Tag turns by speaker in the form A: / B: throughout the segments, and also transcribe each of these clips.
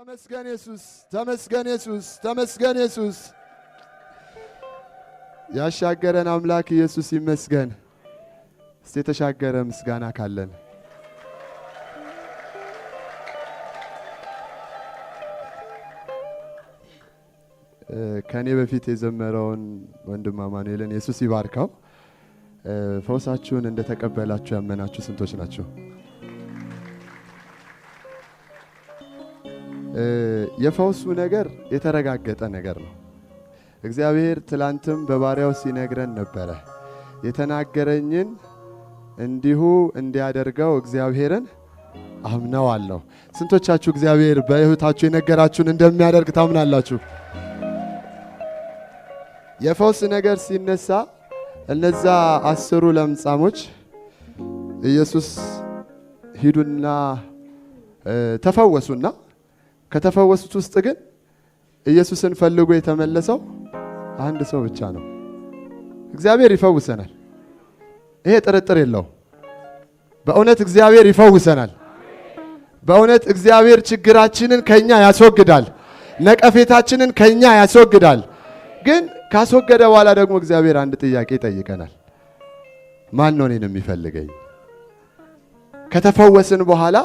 A: ተመስገን ኢየሱስ፣ ተመስገን ኢየሱስ፣ ተመስገን ኢየሱስ። ያሻገረን አምላክ ኢየሱስ ይመስገን። እስቲ የተሻገረ ምስጋና ካለን ከእኔ በፊት የዘመረውን ወንድም አማኑኤልን ኢየሱስ ይባርከው። ፈውሳችሁን እንደተቀበላችሁ ያመናችሁ ስንቶች ናቸው? የፈውሱ ነገር የተረጋገጠ ነገር ነው። እግዚአብሔር ትላንትም በባሪያው ሲነግረን ነበረ። የተናገረኝን እንዲሁ እንዲያደርገው እግዚአብሔርን አምነዋለሁ። ስንቶቻችሁ እግዚአብሔር በሕይወታችሁ የነገራችሁን እንደሚያደርግ ታምናላችሁ? የፈውስ ነገር ሲነሳ እነዛ አስሩ ለምጻሞች ኢየሱስ ሂዱና ተፈወሱና ከተፈወሱት ውስጥ ግን ኢየሱስን ፈልጎ የተመለሰው አንድ ሰው ብቻ ነው። እግዚአብሔር ይፈውሰናል። ይሄ ጥርጥር የለው በእውነት እግዚአብሔር ይፈውሰናል። በእውነት እግዚአብሔር ችግራችንን ከኛ ያስወግዳል። ነቀፌታችንን ከኛ ያስወግዳል። ግን ካስወገደ በኋላ ደግሞ እግዚአብሔር አንድ ጥያቄ ይጠይቀናል። ማን ነው እኔን የሚፈልገኝ? ከተፈወስን በኋላ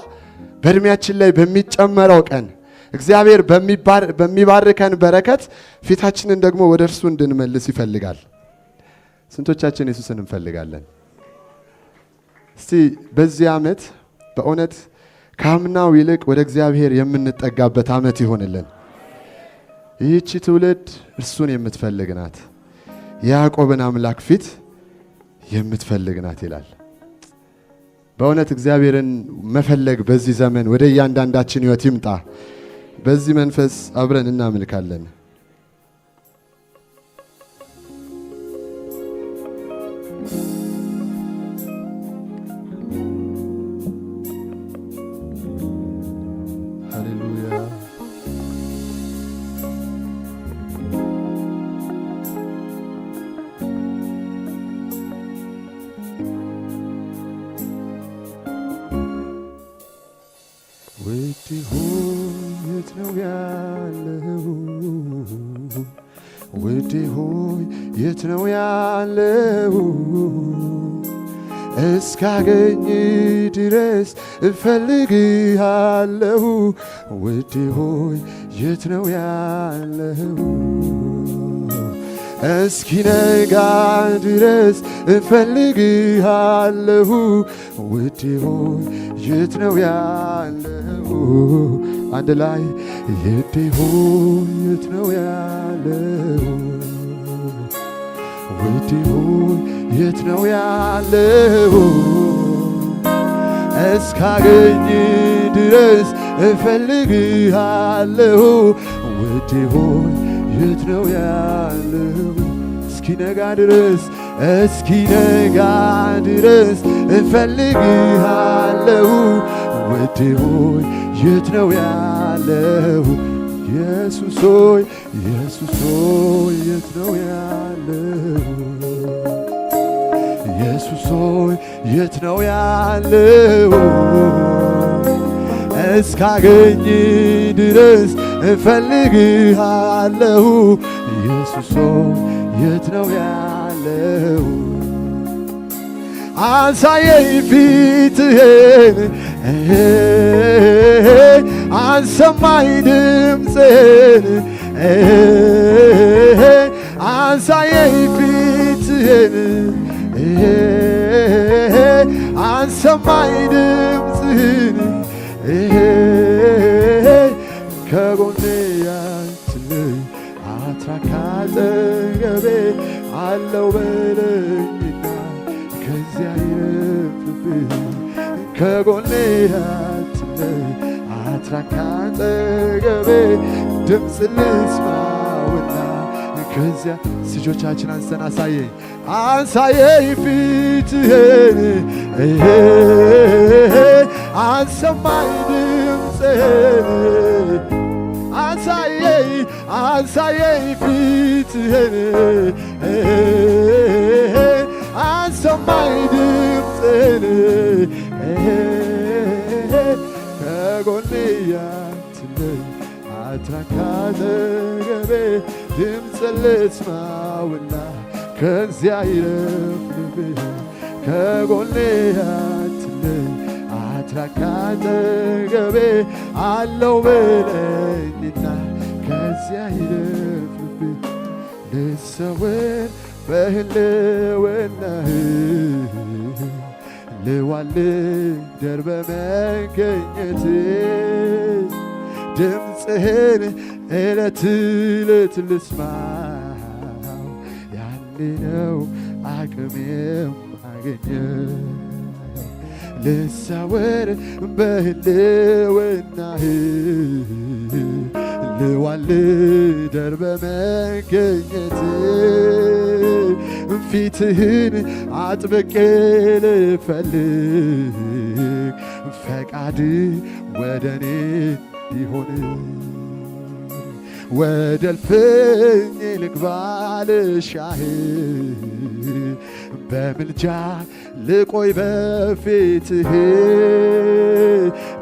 A: በእድሜያችን ላይ በሚጨመረው ቀን እግዚአብሔር በሚባርከን በረከት ፊታችንን ደግሞ ወደ እርሱ እንድንመልስ ይፈልጋል። ስንቶቻችን ኢየሱስን እንፈልጋለን? እስቲ በዚህ ዓመት በእውነት ከአምናው ይልቅ ወደ እግዚአብሔር የምንጠጋበት ዓመት ይሆንልን። ይህቺ ትውልድ እርሱን የምትፈልግ ናት፣ የያዕቆብን አምላክ ፊት የምትፈልግ ናት ይላል። በእውነት እግዚአብሔርን መፈለግ በዚህ ዘመን ወደ እያንዳንዳችን ሕይወት ይምጣ። በዚህ መንፈስ አብረን እናመልካለን።
B: ያለው እስካገኝ ድረስ እፈልግሃለሁ ውዴ ሆይ የት ነው ያለው? እስኪነጋ ድረስ እፈልግሃለሁ ውዴ ሆይ የት ነው ያለው? አንድ ላይ የት ሆይ የት ነው ያለው? ወዲሁ የት ነው ያለው እስካገኝ ድረስ እፈልግሃለሁ ውዴ ሆይ የት ነው ያለው እስኪነጋ ድረስ እስኪነጋ ድረስ እፈልግሃለሁ ውዴ ሆይ የት ነው ያለው ኢየሱስ ሆይ ኢየሱስ ሆይ የት ነው ያለው? ኢየሱስ ሆይ የት ነው ያለው? እስካገኝ ድረስ እፈልግሃለሁ። ኢየሱስ ሆይ የት ነው ያለው? አሳየኝ ፊትህን አንሰማኝ ድምፅህን አንሳየኝ ፊትህን አንሰማኝ ድምፅህን ከጎኔ ያትልኝ አትራካ አጠገቤ አለው በለኝና ከዚያ ይረፍብኝ ከጎኔ ያትልኝ አትራ ካጠገቤ ድምፅ ልስማውና ከዚያ ስጆቻችን አንስተን አሳየኝ አንሳየኝ ፊትህን አንሰማኝ ድምፅህን አንሳየኝ አንሳየኝ ፊትህን አንሰማኝ ድምፅህን ካጠገቤ ድምፅ ልስማውና ከዚያ ይረፍ ከጎኔ አትለይ አትራቅ ካጠገቤ አለው በለኝና ከዚያ ይረፍ ልሰወር በህልውናህ ልዋል ደርበ መገኘት ድምፅ ድምፅህን እለት እለት ልስማው ያንነው አቅሜም አገኘ ልሳወር በህልውናህ ልዋልደር በመገኘት ፊትህን አጥብቄ ልፈልግ ፈቃድ ወደኔ እኔ ይሆን ወደ እልፍኝ ልግባ በምልጃ ልቆይ በፊትህ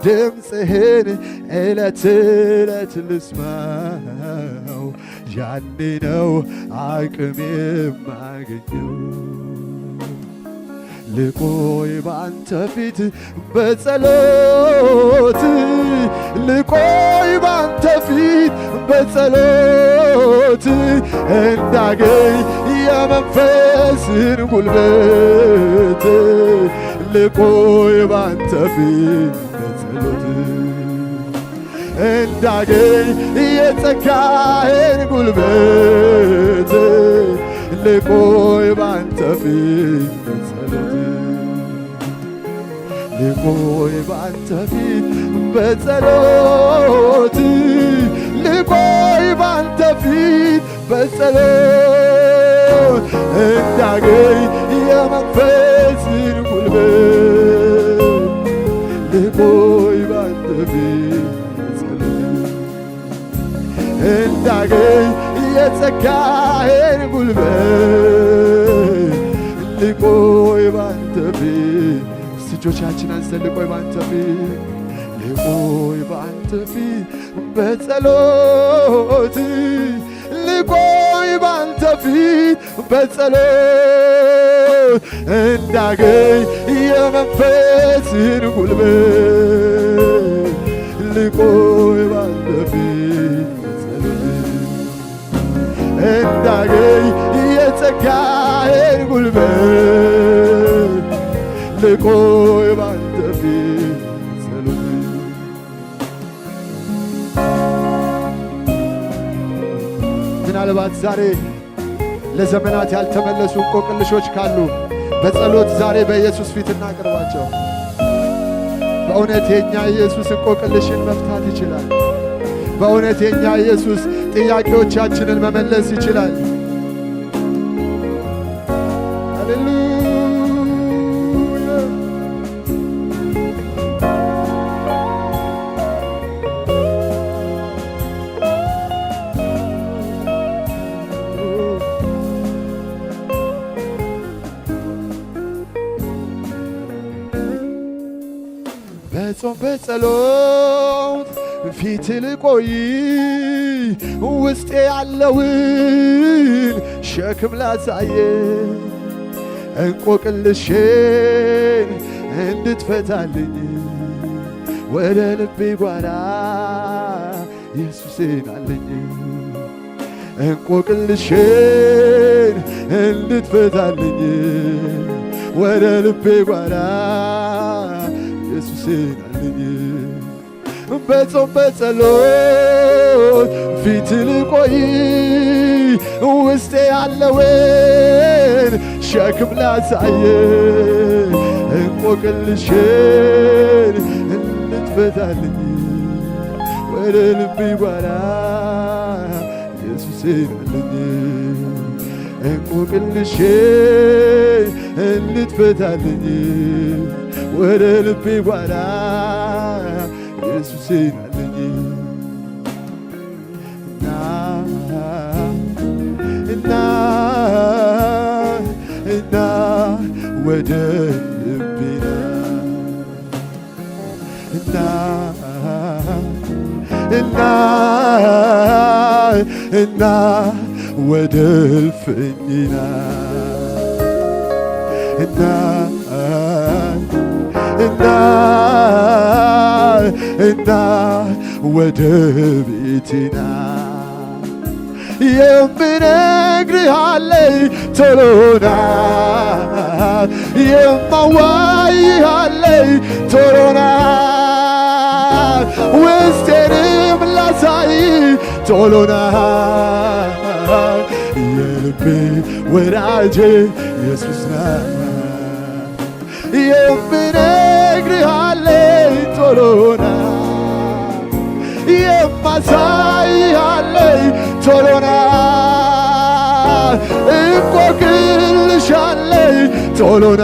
B: ድምፅህን ዕለት ዕለት ልስማው ያኔ ነው አቅም ማገኘው። ልቆይ ባንተ ፊት በጸሎት ልቆይ ባንተ ፊት በጸሎት እንዳገኝ የመንፈስን ጉልበት ልቆይ ባንተ ፊት በጸሎት እንዳገኝ የጸጋህን ጉልበት ልቆ ባንተ ፊት በጸሎቴ ልቆይ ባንተ ፊት በጸሎት ልቆይ ባንተ ፊት በጸሎት እንዳገኝ የመንፈስን ጉልበት ልቆይ ባንተ ፊት በጸሎት እንዳገኝ የጸጋዬን ጉልበት ልቆይ ባንተ ፊት እጆቻችን አንስተን ልቆይ ባንተ ፊት ልቆይ ባንተ ፊት በጸሎት ልቆይ ባንተ ፊት በጸሎት እንዳገኝ የመንፈስን ጉልበት ልቆይ እንዳገኝ የጸጋዬን ጉልበት ልቆይ ባንተ
A: ምናልባት ዛሬ ለዘመናት ያልተመለሱ እንቆቅልሾች ካሉ በጸሎት ዛሬ በኢየሱስ ፊት እናቅርባቸው። በእውነት የእኛ ኢየሱስ እንቆቅልሽን መፍታት ይችላል። በእውነት የእኛ ኢየሱስ ጥያቄዎቻችንን መመለስ ይችላል።
B: በጾም በጸሎት ፊት ልቆይ ውስጤ ያለውን ሸክም ላሳየ እንቆቅልሽን እንድትፈታልኝ ወደ ልቤ ጓዳ ኢየሱሴን አለኝ እንቆቅልሽን እንድትፈታልኝ ወደ ልቤ ጓዳ ኢየሱሴን አለኝ ጾም በጸሎት ፊት ልቆይ ውስጤ ያለውን ሸክም ላሳየ እንቆቅልሽን እንትፈታልኝ ወደ ልብ ይጓራ ኢየሱስ ይናልኝ እንቆቅልሽን እንትፈታልኝ ወደ ልብ ይጓራ ኢየሱስ ይላለኝ እና እና እና ወደ ልቤና እና እና እና ወደ እልፍኝና እና እና እና ወደ ቤቴና የምነግርሃለይ ቶሎና የማዋይሃለይ ቶሎና ውስጤንም ላሳይ ቶሎና የልቤ ወዳጄ ኢየሱስ ና ቶሎና የማሳያለኝ ቶሎና እንቆቅልሻለኝ ቶሎና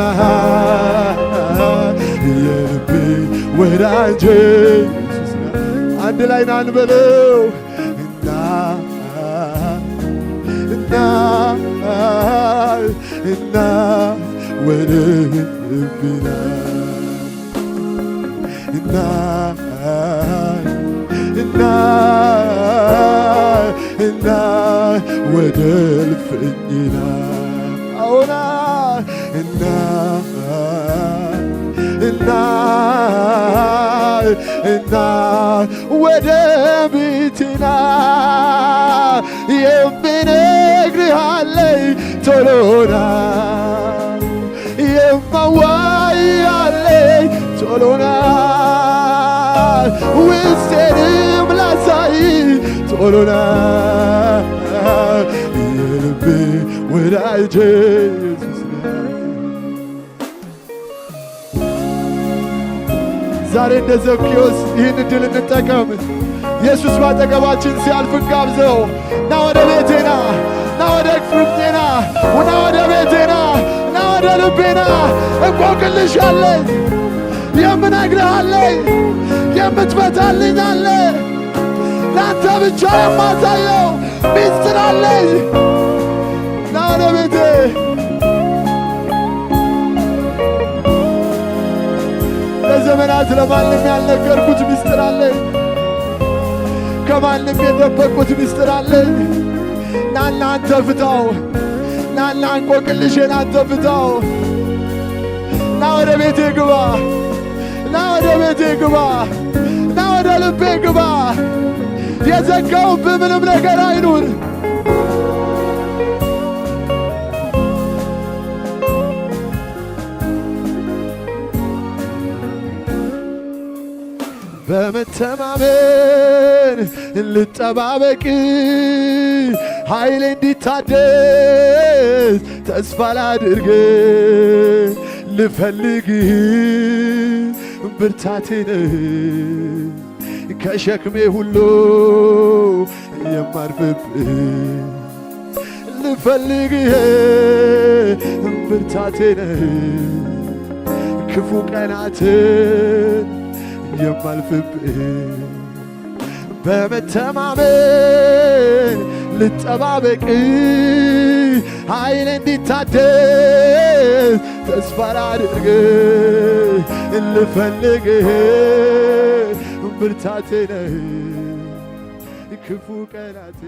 B: የልቤ ወዳጄ አንድ ላይ ና እንበለው እና እና እና ወደ ልቤ እና እና ወደ ልፍኝና አሁና እና እና እና ወደ ቤቴና የምነግርሃለይ ቶሎና የማዋያለይ ቶሎና ምስጢርም ላሳይ ቶሎና የልቤ ወዳጄ
A: ዛሬ እንደ ዘብኪዎስ ይህን እድል እንጠቀም። ኢየሱስ ባጠገባችን ሲያልፍ እንጋብዘው። ና ወደ ቤቴና፣ ና ወደ ፍርጤና፣ ና ወደ ቤቴና፣ ና ወደ ልቤና። እንቆቅልሽ አለኝ የምትፈታልኝ አለ። ለአንተ ብቻ የማሳየው ሚስጥር አለኝ። ና ቤቴ ለዘመናት ለማንም ያልነገርኩት ሚስጥር አለኝ። ከማንም የደበቅኩት ሚስጥር አለኝ። ናና አንተ ናና እንቆቅልሼን አንተ ና ወደ ቤቴ ግባ። ና ወደ ቤቴ ግባ፣ ና ወደ ልቤ ግባ። የዘጋውብህ ምንም ነገር አይኑር።
B: በመተማመን ልጠባበቅ፣ ኃይሌ እንዲታደስ ተስፋ ላድርግ፣ ልፈልግህ ብርታቴን ከሸክሜ ሁሉ የማርፍብ ልፈልግህ ብርታቴን ክፉ ቀናትን የማልፍብ በመተማመን ልጠባበቅ ኃይል እንዲታደስ ተስፋ ላድርግ ልፈልግህ ብርታቴ ነህ ክፉ ቀናት